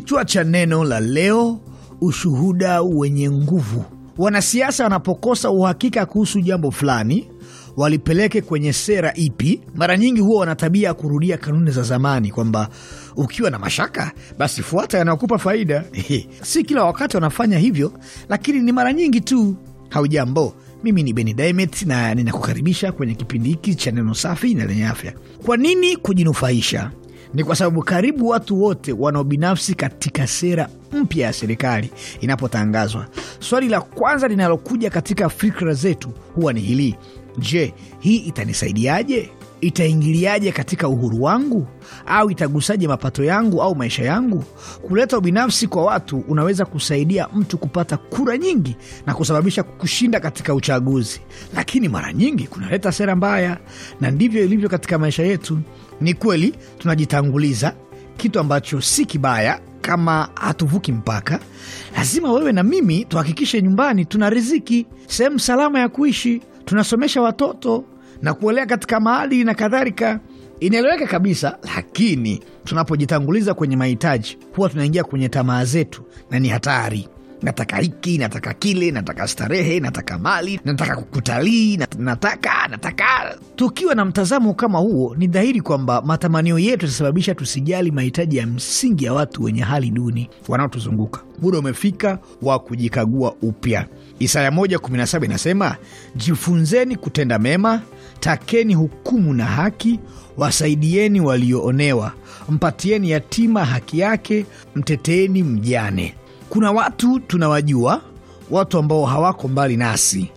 Kichwa cha neno la leo: ushuhuda wenye nguvu. Wanasiasa wanapokosa uhakika kuhusu jambo fulani walipeleke kwenye sera ipi? Mara nyingi huwa wana tabia ya kurudia kanuni za zamani, kwamba ukiwa na mashaka basi fuata yanayokupa faida. Si kila wakati wanafanya hivyo, lakini ni mara nyingi tu. Haujambo, mimi ni Beni Dimet na ninakukaribisha kwenye kipindi hiki cha neno safi na lenye afya. Kwa nini kujinufaisha ni kwa sababu karibu watu wote wana ubinafsi katika sera mpya ya serikali inapotangazwa. Swali la kwanza linalokuja katika fikra zetu huwa ni hili: je, hii itanisaidiaje? itaingiliaje katika uhuru wangu au itagusaje mapato yangu au maisha yangu? Kuleta ubinafsi kwa watu unaweza kusaidia mtu kupata kura nyingi na kusababisha kushinda katika uchaguzi, lakini mara nyingi kunaleta sera mbaya, na ndivyo ilivyo katika maisha yetu. Ni kweli tunajitanguliza, kitu ambacho si kibaya kama hatuvuki mpaka. Lazima wewe na mimi tuhakikishe nyumbani tuna riziki, sehemu salama ya kuishi, tunasomesha watoto na kuelea katika mahali na kadhalika inaeleweka kabisa, lakini tunapojitanguliza kwenye mahitaji huwa tunaingia kwenye tamaa zetu na ni hatari nataka hiki, nataka kile, nataka starehe, nataka mali, nataka kutalii, nataka nataka. Tukiwa na mtazamo kama huo, ni dhahiri kwamba matamanio yetu yatasababisha tusijali mahitaji ya msingi ya watu wenye hali duni wanaotuzunguka. Muda umefika wa kujikagua upya. Isaya 1:17 inasema, jifunzeni kutenda mema, takeni hukumu na haki, wasaidieni walioonewa, mpatieni yatima haki yake, mteteeni mjane kuna watu tunawajua, watu ambao hawako mbali nasi,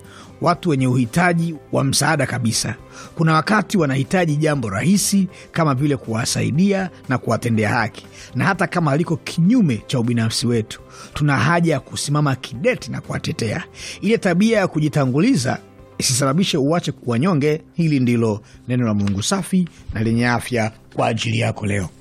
watu wenye uhitaji wa msaada kabisa. Kuna wakati wanahitaji jambo rahisi kama vile kuwasaidia na kuwatendea haki, na hata kama aliko kinyume cha ubinafsi wetu, tuna haja ya kusimama kideti na kuwatetea. Ile tabia ya kujitanguliza isisababishe uwache kuwanyonge. Hili ndilo neno la Mungu safi na lenye afya kwa ajili yako leo.